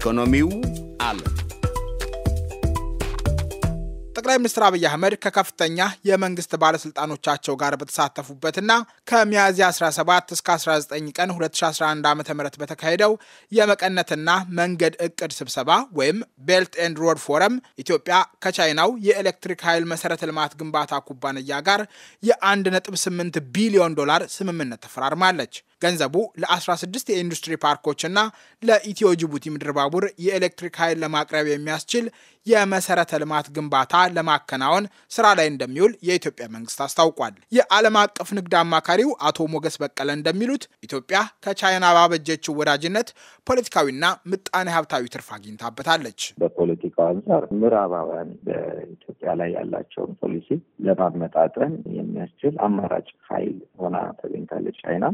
ኢኮኖሚው አለ። ጠቅላይ ሚኒስትር አብይ አህመድ ከከፍተኛ የመንግስት ባለስልጣኖቻቸው ጋር በተሳተፉበትና ከሚያዝያ 17 እስከ 19 ቀን 2011 ዓ ም በተካሄደው የመቀነትና መንገድ እቅድ ስብሰባ ወይም ቤልት ኤንድ ሮድ ፎረም ኢትዮጵያ ከቻይናው የኤሌክትሪክ ኃይል መሰረተ ልማት ግንባታ ኩባንያ ጋር የ1.8 ቢሊዮን ዶላር ስምምነት ተፈራርማለች። ገንዘቡ ለ16 የኢንዱስትሪ ፓርኮችና ለኢትዮ ጅቡቲ ምድር ባቡር የኤሌክትሪክ ኃይል ለማቅረብ የሚያስችል የመሰረተ ልማት ግንባታ ለማከናወን ስራ ላይ እንደሚውል የኢትዮጵያ መንግስት አስታውቋል። የዓለም አቀፍ ንግድ አማካሪው አቶ ሞገስ በቀለ እንደሚሉት ኢትዮጵያ ከቻይና ባበጀችው ወዳጅነት ፖለቲካዊና ምጣኔ ሀብታዊ ትርፍ አግኝታበታለች። በፖለቲካ አንጻር ምዕራባውያን በኢትዮጵያ ላይ ያላቸውን ፖሊሲ ለማመጣጠን የሚያስችል አማራጭ ኃይል ሆና ተገኝታለች ቻይና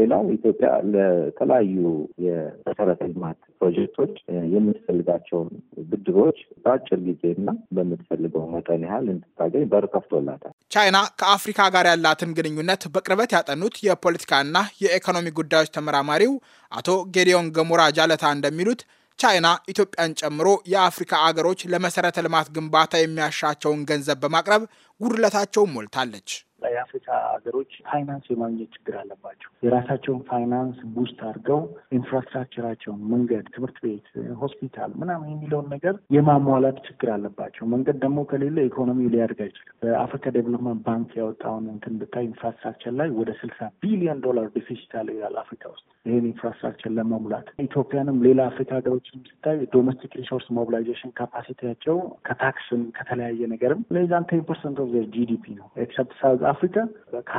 ሌላው ኢትዮጵያ ለተለያዩ የመሰረተ ልማት ፕሮጀክቶች የምትፈልጋቸውን ብድሮች በአጭር ጊዜና በምትፈልገው መጠን ያህል እንድታገኝ በር ከፍቶላታል። ቻይና ከአፍሪካ ጋር ያላትን ግንኙነት በቅርበት ያጠኑት የፖለቲካና የኢኮኖሚ ጉዳዮች ተመራማሪው አቶ ጌዲዮን ገሙራ ጃለታ እንደሚሉት ቻይና ኢትዮጵያን ጨምሮ የአፍሪካ አገሮች ለመሰረተ ልማት ግንባታ የሚያሻቸውን ገንዘብ በማቅረብ ጉድለታቸውን ሞልታለች። የአፍሪካ ሀገሮች ፋይናንስ የማግኘት ችግር አለባቸው። የራሳቸውን ፋይናንስ ቡስት አድርገው ኢንፍራስትራክቸራቸውን፣ መንገድ፣ ትምህርት ቤት፣ ሆስፒታል ምናምን የሚለውን ነገር የማሟላት ችግር አለባቸው። መንገድ ደግሞ ከሌለ ኢኮኖሚ ሊያድግ አይችልም። በአፍሪካ ዴቨሎፕመንት ባንክ ያወጣውን እንትን ብታይ ኢንፍራስትራክቸር ላይ ወደ ስልሳ ቢሊዮን ዶላር ዲፊሲት አለ ይላል አፍሪካ ውስጥ ይህን ኢንፍራስትራክቸር ለመሙላት ኢትዮጵያንም ሌላ አፍሪካ ሀገሮችም ስታይ ዶሜስቲክ ሪሶርስ ሞቢላይዜሽን ካፓሲቲያቸው ከታክስም ከተለያየ ነገርም ለዛን ቴን ፐርሰንት ኦፍ ጂዲፒ ነው ኤክሰፕት ሳውዝ አፍሪካ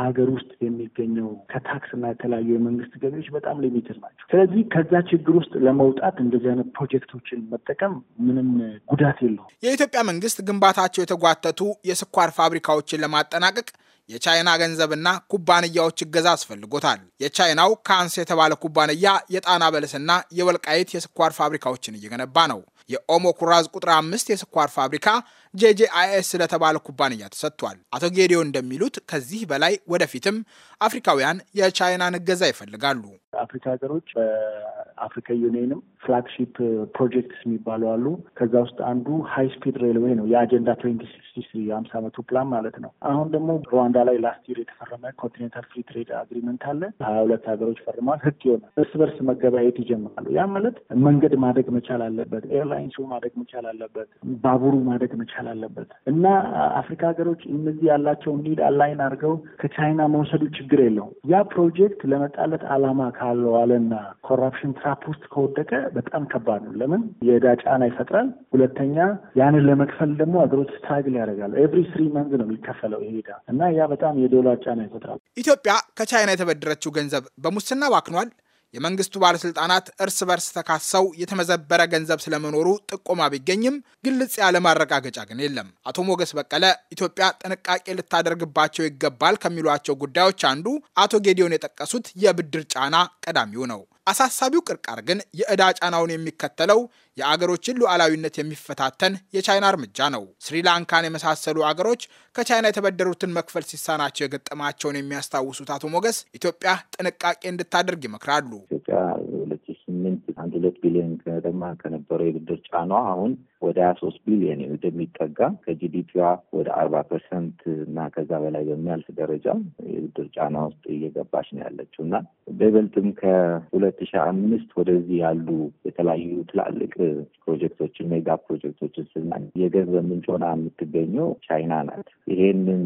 ከሀገር ውስጥ የሚገኘው ከታክስ እና የተለያዩ የመንግስት ገቢዎች በጣም ሊሚትድ ናቸው። ስለዚህ ከዛ ችግር ውስጥ ለመውጣት እንደዚህ አይነት ፕሮጀክቶችን መጠቀም ምንም ጉዳት የለውም። የኢትዮጵያ መንግስት ግንባታቸው የተጓተቱ የስኳር ፋብሪካዎችን ለማጠናቀቅ የቻይና ገንዘብና ኩባንያዎች እገዛ አስፈልጎታል። የቻይናው ካንስ የተባለ ኩባንያ የጣና በለስና የወልቃይት የስኳር ፋብሪካዎችን እየገነባ ነው። የኦሞ ኩራዝ ቁጥር አምስት የስኳር ፋብሪካ ጄጄአይኤስ ለተባለ ኩባንያ ተሰጥቷል። አቶ ጌዲዮ እንደሚሉት ከዚህ በላይ ወደፊትም አፍሪካውያን የቻይናን እገዛ ይፈልጋሉ። አፍሪካ ሀገሮች አፍሪካ ዩኒየንም ፍላግሺፕ ፕሮጀክትስ uh, የሚባሉ አሉ። ከዛ ውስጥ አንዱ ሀይ ስፒድ ሬልዌይ ነው የአጀንዳ ትዌንቲ ሲክስቲ ስሪ የአምሳ አመቱ ፕላን ማለት ነው። አሁን ደግሞ ሩዋንዳ ላይ ላስት ይር የተፈረመ ኮንቲኔንታል ፍሪ ትሬድ አግሪመንት አለ። ሀያ ሁለት ሀገሮች ፈርመዋል። ህግ ይሆናል። እርስ በርስ መገበያየት ይጀምራሉ። ያ ማለት መንገድ ማደግ መቻል አለበት፣ ኤርላይንሱ ማደግ መቻል አለበት፣ ባቡሩ ማደግ መቻል አለበት እና አፍሪካ ሀገሮች እነዚህ ያላቸውን ኒድ አላይን አድርገው ከቻይና መውሰዱ ችግር የለውም። ያ ፕሮጀክት ለመጣለት አላማ ካለዋለና ኮራፕሽን ትራ ትራፕ ውስጥ ከወደቀ በጣም ከባድ ነው። ለምን የዕዳ ጫና ይፈጥራል። ሁለተኛ ያንን ለመክፈል ደግሞ አገሮች ታግል ያደርጋሉ። ኤቭሪ ስሪ መንዝ ነው የሚከፈለው ይሄ ዕዳ እና ያ በጣም የዶላር ጫና ይፈጥራል። ኢትዮጵያ ከቻይና የተበደረችው ገንዘብ በሙስና ባክኗል። የመንግስቱ ባለስልጣናት እርስ በርስ ተካሰው የተመዘበረ ገንዘብ ስለመኖሩ ጥቆማ ቢገኝም ግልጽ ያለ ማረጋገጫ ግን የለም። አቶ ሞገስ በቀለ ኢትዮጵያ ጥንቃቄ ልታደርግባቸው ይገባል ከሚሏቸው ጉዳዮች አንዱ አቶ ጌዲዮን የጠቀሱት የብድር ጫና ቀዳሚው ነው። አሳሳቢው ቅርቃር ግን የዕዳ ጫናውን የሚከተለው የአገሮችን ሉዓላዊነት የሚፈታተን የቻይና እርምጃ ነው። ስሪላንካን የመሳሰሉ አገሮች ከቻይና የተበደሩትን መክፈል ሲሳናቸው የገጠማቸውን የሚያስታውሱት አቶ ሞገስ ኢትዮጵያ ጥንቃቄ እንድታደርግ ይመክራሉ። ኢትዮጵያ ሁለት ቢሊዮን ገደማ ከነበረው የብድር ጫኗ አሁን ወደ ሀያ ሶስት ቢሊዮን ወደሚጠጋ ከጂዲፒዋ ወደ አርባ ፐርሰንት እና ከዛ በላይ በሚያልፍ ደረጃ የብድር ጫና ውስጥ እየገባች ነው ያለችው እና በይበልጥም ከሁለት ሺ አምስት ወደዚህ ያሉ የተለያዩ ትላልቅ ፕሮጀክቶችን ሜጋ ፕሮጀክቶችን ስናይ የገንዘብ ምንጭ ሆና የምትገኘው ቻይና ናት። ይሄንን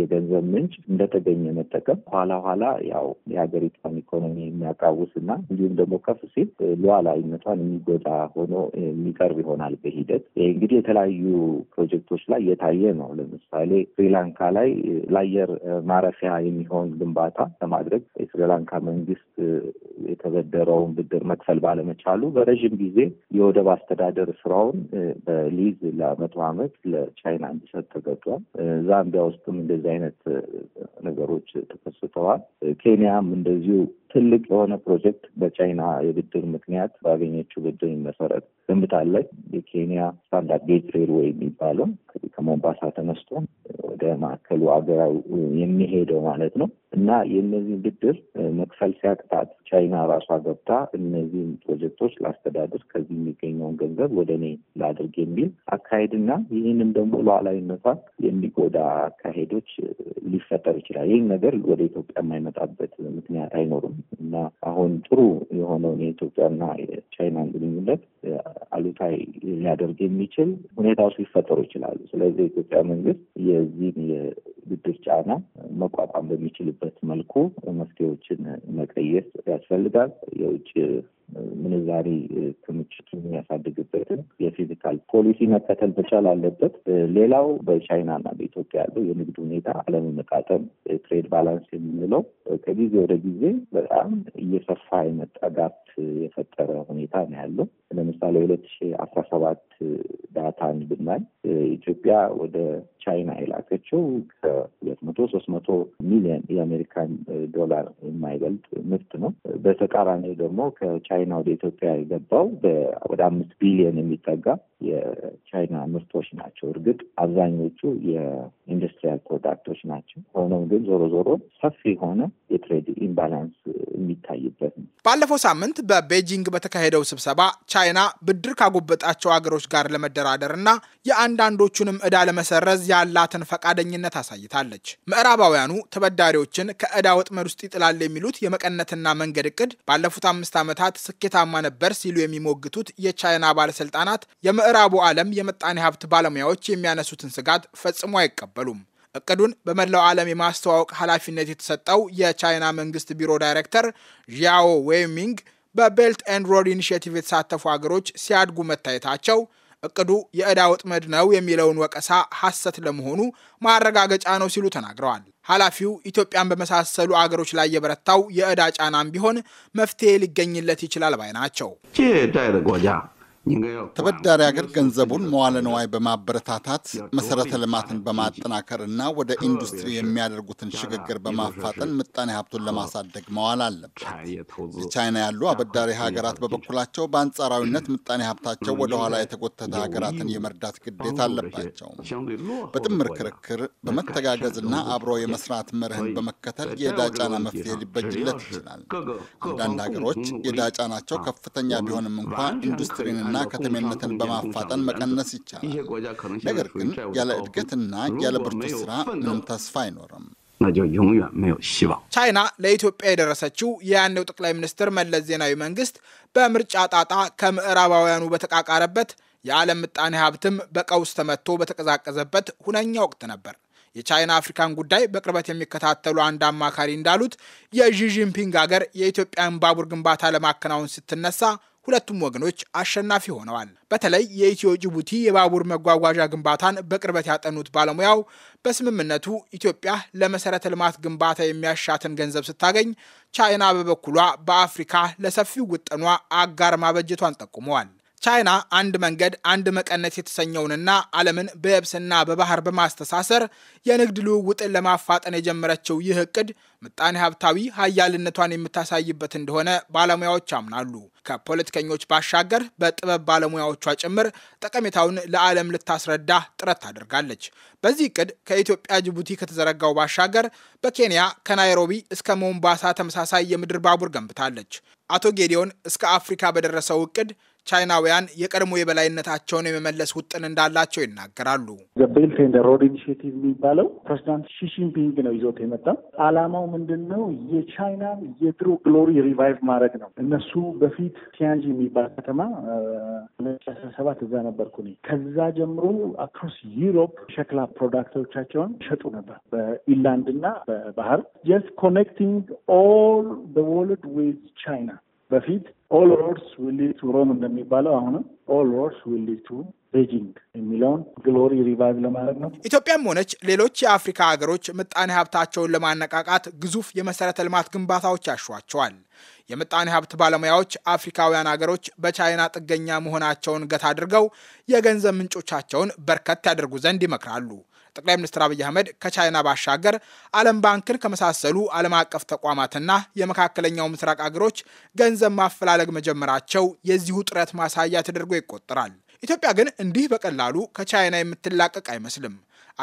የገንዘብ ምንጭ እንደተገኘ መጠቀም ኋላ ኋላ ያው የሀገሪቷን ኢኮኖሚ የሚያቃውስ እና እንዲሁም ደግሞ ከፍ ሲል ሉዓላዊነቷን የሚጎዳ ሆኖ የሚቀርብ ይሆናል በሂደት እንግዲህ የተለያዩ ፕሮጀክቶች ላይ የታየ ነው። ለምሳሌ ስሪላንካ ላይ ለአየር ማረፊያ የሚሆን ግንባታ ለማድረግ የስሪላንካ መንግስት የተበደረውን ብድር መክፈል ባለመቻሉ በረዥም ጊዜ የወደብ አስተዳደር ስራውን በሊዝ ለመቶ ዓመት ለቻይና እንዲሰጥ ተገዷል። ዛምቢያ ውስጥም እንደዚህ አይነት ነገሮች ተከስተዋል። ኬንያም እንደዚሁ ትልቅ የሆነ ፕሮጀክት በቻይና የብድር ምክንያት ባገኘችው ብድር መሰረት ገንብታለች። የኬንያ ስታንዳርድ ጌጅ ሬልዌይ የሚባለው ከሞምባሳ ተነስቶ ወደ ማዕከሉ አገራዊ የሚሄደው ማለት ነው እና የእነዚህ ብድር መክፈል ሲያቅጣት ቻይና ራሷ ገብታ እነዚህን ፕሮጀክቶች ላስተዳድር፣ ከዚህ የሚገኘውን ገንዘብ ወደ እኔ ላድርግ የሚል አካሄድና ይህንም ደግሞ ሉዓላዊነቷን የሚጎዳ አካሄዶች ሊፈጠር ይችላል። ይህን ነገር ወደ ኢትዮጵያ የማይመጣበት ምክንያት አይኖርም። እና አሁን ጥሩ የሆነውን የኢትዮጵያና የቻይናን ግንኙነት አሉታዊ ሊያደርግ የሚችል ሁኔታዎች ሊፈጠሩ ይችላሉ። ስለዚህ የኢትዮጵያ መንግስት የዚህን የብድር ጫና መቋቋም በሚችልበት መልኩ መፍትሄዎችን መቀየስ ያስፈልጋል። የውጭ ምንዛሪ ክምችቱ የሚያሳድግበትን የፊዚካል ፖሊሲ መከተል መቻል አለበት። ሌላው በቻይናና በኢትዮጵያ ያለው የንግድ ሁኔታ አለመመጣጠን ትሬድ ባላንስ የምንለው ከጊዜ ወደ ጊዜ በጣም እየሰፋ የመጣ ጋፕ የፈጠረ ሁኔታ ነው ያለው። ለምሳሌ ሁለት ሺ አስራ ሰባት ኢትዮጵያ ወደ ቻይና የላከችው ከሁለት መቶ ሶስት መቶ ሚሊዮን የአሜሪካን ዶላር የማይበልጥ ምርት ነው። በተቃራኒ ደግሞ ከቻይና ወደ ኢትዮጵያ የገባው ወደ አምስት ቢሊዮን የሚጠጋ የቻይና ምርቶች ናቸው። ናቸው። እርግጥ አብዛኞቹ የኢንዱስትሪያል ፕሮዳክቶች ናቸው። ሆኖም ግን ዞሮ ዞሮ ሰፊ የሆነ የትሬድ ኢምባላንስ የሚታይበት ነው። ባለፈው ሳምንት በቤጂንግ በተካሄደው ስብሰባ ቻይና ብድር ካጎበጣቸው ሀገሮች ጋር ለመደራደር እና የአንዳንዶቹንም ዕዳ ለመሰረዝ ያላትን ፈቃደኝነት አሳይታለች። ምዕራባውያኑ ተበዳሪዎችን ከዕዳ ወጥመድ ውስጥ ይጥላል የሚሉት የመቀነትና መንገድ እቅድ ባለፉት አምስት ዓመታት ስኬታማ ነበር ሲሉ የሚሞግቱት የቻይና ባለስልጣናት የምዕራቡ ዓለም የመጣኔ ሀብት ባለሙያ ባለሙያዎች የሚያነሱትን ስጋት ፈጽሞ አይቀበሉም። እቅዱን በመላው ዓለም የማስተዋወቅ ኃላፊነት የተሰጠው የቻይና መንግስት ቢሮ ዳይሬክተር ዣኦ ዌይሚንግ በቤልት ኤንድ ሮድ ኢኒሽቲቭ የተሳተፉ አገሮች ሲያድጉ መታየታቸው እቅዱ የዕዳ ወጥመድ ነው የሚለውን ወቀሳ ሐሰት ለመሆኑ ማረጋገጫ ነው ሲሉ ተናግረዋል። ኃላፊው ኢትዮጵያን በመሳሰሉ አገሮች ላይ የበረታው የዕዳ ጫናም ቢሆን መፍትሄ ሊገኝለት ይችላል ባይ ናቸው። ተበዳሪ ሀገር ገንዘቡን መዋለ ነዋይ በማበረታታት መሰረተ ልማትን በማጠናከር እና ወደ ኢንዱስትሪ የሚያደርጉትን ሽግግር በማፋጠን ምጣኔ ሀብቱን ለማሳደግ መዋል አለበት። የቻይና ያሉ አበዳሪ ሀገራት በበኩላቸው በአንጻራዊነት ምጣኔ ሀብታቸው ወደኋላ የተጎተተ ሀገራትን የመርዳት ግዴታ አለባቸው። በጥምር ክርክር በመተጋገዝና አብሮ የመስራት መርህን በመከተል የዕዳ ጫና መፍትሄ ሊበጅለት ይችላል። አንዳንድ ሀገሮች የዕዳ ጫናቸው ከፍተኛ ቢሆንም እንኳ ኢንዱስትሪንና ጫና ከተሜነትን በማፋጠን መቀነስ ይቻላል። ነገር ግን ያለ እድገትና ያለ ብርቱ ስራ ምንም ተስፋ አይኖርም። ቻይና ለኢትዮጵያ የደረሰችው የያኔው ጠቅላይ ሚኒስትር መለስ ዜናዊ መንግስት በምርጫ ጣጣ ከምዕራባውያኑ በተቃቃረበት የዓለም ምጣኔ ሀብትም በቀውስ ተመቶ በተቀዛቀዘበት ሁነኛ ወቅት ነበር። የቻይና አፍሪካን ጉዳይ በቅርበት የሚከታተሉ አንድ አማካሪ እንዳሉት የዢ ጂንፒንግ ሀገር የኢትዮጵያን ባቡር ግንባታ ለማከናወን ስትነሳ ሁለቱም ወገኖች አሸናፊ ሆነዋል። በተለይ የኢትዮ ጅቡቲ የባቡር መጓጓዣ ግንባታን በቅርበት ያጠኑት ባለሙያው በስምምነቱ ኢትዮጵያ ለመሰረተ ልማት ግንባታ የሚያሻትን ገንዘብ ስታገኝ ቻይና በበኩሏ በአፍሪካ ለሰፊው ውጥኗ አጋር ማበጀቷን ጠቁመዋል። ቻይና አንድ መንገድ አንድ መቀነት የተሰኘውንና ዓለምን በየብስና በባህር በማስተሳሰር የንግድ ልውውጥን ለማፋጠን የጀመረችው ይህ እቅድ ምጣኔ ሀብታዊ ሀያልነቷን የምታሳይበት እንደሆነ ባለሙያዎች ያምናሉ። ከፖለቲከኞች ባሻገር በጥበብ ባለሙያዎቿ ጭምር ጠቀሜታውን ለዓለም ልታስረዳ ጥረት ታደርጋለች። በዚህ እቅድ ከኢትዮጵያ ጅቡቲ ከተዘረጋው ባሻገር በኬንያ ከናይሮቢ እስከ ሞምባሳ ተመሳሳይ የምድር ባቡር ገንብታለች። አቶ ጌዲዮን እስከ አፍሪካ በደረሰው እቅድ ቻይናውያን የቀድሞ የበላይነታቸውን የመመለስ ውጥን እንዳላቸው ይናገራሉ። ቤልት ኤንድ ሮድ ኢኒሽቲቭ የሚባለው ፕሬዚዳንት ሺሺንፒንግ ነው ይዞት የመጣው። አላማው ምንድን ነው? የቻይናን የድሮ ግሎሪ ሪቫይቭ ማድረግ ነው። እነሱ በፊት ቲያንጂ የሚባል ከተማ አስራ ሰባት እዛ ነበርኩ እኔ። ከዛ ጀምሮ አክሮስ ዩሮፕ ሸክላ ፕሮዳክቶቻቸውን ሸጡ ነበር በኢንላንድ እና በባህር ጀስት ኮኔክቲንግ ኦል ወርልድ ዊዝ ቻይና በፊት ኦል ሮድስ ዊል ሊድ ቱ ሮም እንደሚባለው አሁንም ኦል ሮድስ ዊል ሊድ ቱ ቤጂንግ የሚለውን ግሎሪ ሪቫይቭ ለማድረግ ነው። ኢትዮጵያም ሆነች ሌሎች የአፍሪካ ሀገሮች ምጣኔ ሀብታቸውን ለማነቃቃት ግዙፍ የመሰረተ ልማት ግንባታዎች ያሸቸዋል። የምጣኔ ሀብት ባለሙያዎች አፍሪካውያን ሀገሮች በቻይና ጥገኛ መሆናቸውን ገታ አድርገው የገንዘብ ምንጮቻቸውን በርከት ያደርጉ ዘንድ ይመክራሉ። ጠቅላይ ሚኒስትር አብይ አህመድ ከቻይና ባሻገር ዓለም ባንክን ከመሳሰሉ ዓለም አቀፍ ተቋማትና የመካከለኛው ምስራቅ አገሮች ገንዘብ ማፈላለግ መጀመራቸው የዚሁ ጥረት ማሳያ ተደርጎ ይቆጠራል። ኢትዮጵያ ግን እንዲህ በቀላሉ ከቻይና የምትላቀቅ አይመስልም።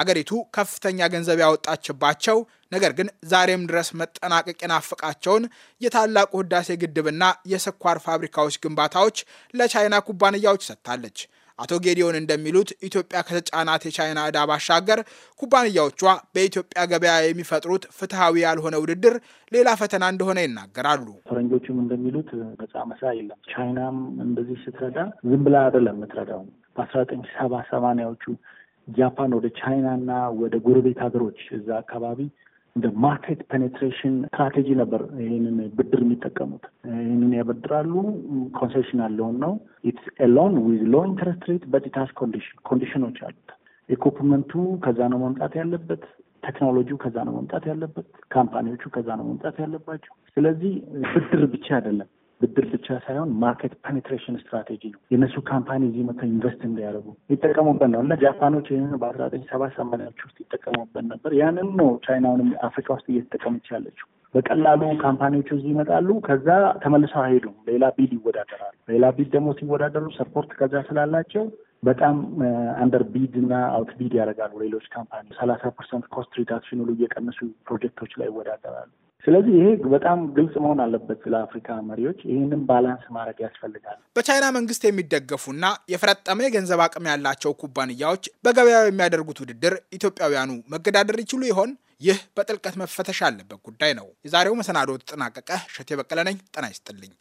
አገሪቱ ከፍተኛ ገንዘብ ያወጣችባቸው ነገር ግን ዛሬም ድረስ መጠናቀቅ የናፈቃቸውን የታላቁ ህዳሴ ግድብና የስኳር ፋብሪካዎች ግንባታዎች ለቻይና ኩባንያዎች ሰጥታለች። አቶ ጌዲዮን እንደሚሉት ኢትዮጵያ ከተጫናት የቻይና ዕዳ ባሻገር ኩባንያዎቿ በኢትዮጵያ ገበያ የሚፈጥሩት ፍትሐዊ ያልሆነ ውድድር ሌላ ፈተና እንደሆነ ይናገራሉ። ፈረንጆቹም እንደሚሉት ነጻ መሳ የለም። ቻይናም እንደዚህ ስትረዳ ዝም ብላ አይደለም የምትረዳው በአስራ ዘጠኝ ሰባ ሰማንያዎቹ ጃፓን ወደ ቻይና እና ወደ ጎረቤት ሀገሮች እዛ አካባቢ እንደ ማርኬት ፔኔትሬሽን ስትራቴጂ ነበር ይህንን ብድር የሚጠቀሙት። ይህንን ያበድራሉ። ኮንሴሽን ያለውን ነው። ኢትስ ሎን ዊዝ ሎ ኢንተረስት ሬት በጢታስ ኮንዲሽን ኮንዲሽኖች አሉት። ኢኩፕመንቱ ከዛ ነው መምጣት ያለበት። ቴክኖሎጂው ከዛ ነው መምጣት ያለበት። ካምፓኒዎቹ ከዛ ነው መምጣት ያለባቸው። ስለዚህ ብድር ብቻ አይደለም ብድር ብቻ ሳይሆን ማርኬት ፔኔትሬሽን ስትራቴጂ ነው። የእነሱ ካምፓኒ እዚህ መጥተው ኢንቨስት እንዲያደርጉ ይጠቀሙበት ነው እና ጃፓኖች ይህን በአስራ ዘጠኝ ሰባ ሰማንያዎች ውስጥ ይጠቀሙበት ነበር። ያንን ነው ቻይናውንም አፍሪካ ውስጥ እየተጠቀመች ያለችው። በቀላሉ ካምፓኒዎቹ እዚህ ይመጣሉ። ከዛ ተመልሰው አይሄዱም። ሌላ ቢድ ይወዳደራሉ። ሌላ ቢድ ደግሞ ሲወዳደሩ ሰፖርት ከዛ ስላላቸው በጣም አንደር uh, ቢድ እና አውት ቢድ ያደርጋሉ። ሌሎች ካምፓኒ ሰላሳ ፐርሰንት ኮስት ሪዳክሽን ሁሉ እየቀነሱ ፕሮጀክቶች ላይ ይወዳደራሉ። ስለዚህ ይሄ በጣም ግልጽ መሆን አለበት ስለ አፍሪካ መሪዎች። ይህንን ባላንስ ማድረግ ያስፈልጋል። በቻይና መንግስት የሚደገፉና የፈረጠመ የገንዘብ አቅም ያላቸው ኩባንያዎች በገበያው የሚያደርጉት ውድድር ኢትዮጵያውያኑ መገዳደር ይችሉ ይሆን? ይህ በጥልቀት መፈተሽ ያለበት ጉዳይ ነው። የዛሬው መሰናዶ ተጠናቀቀ። እሸቴ በቀለ ነኝ። ጤና ይስጥልኝ።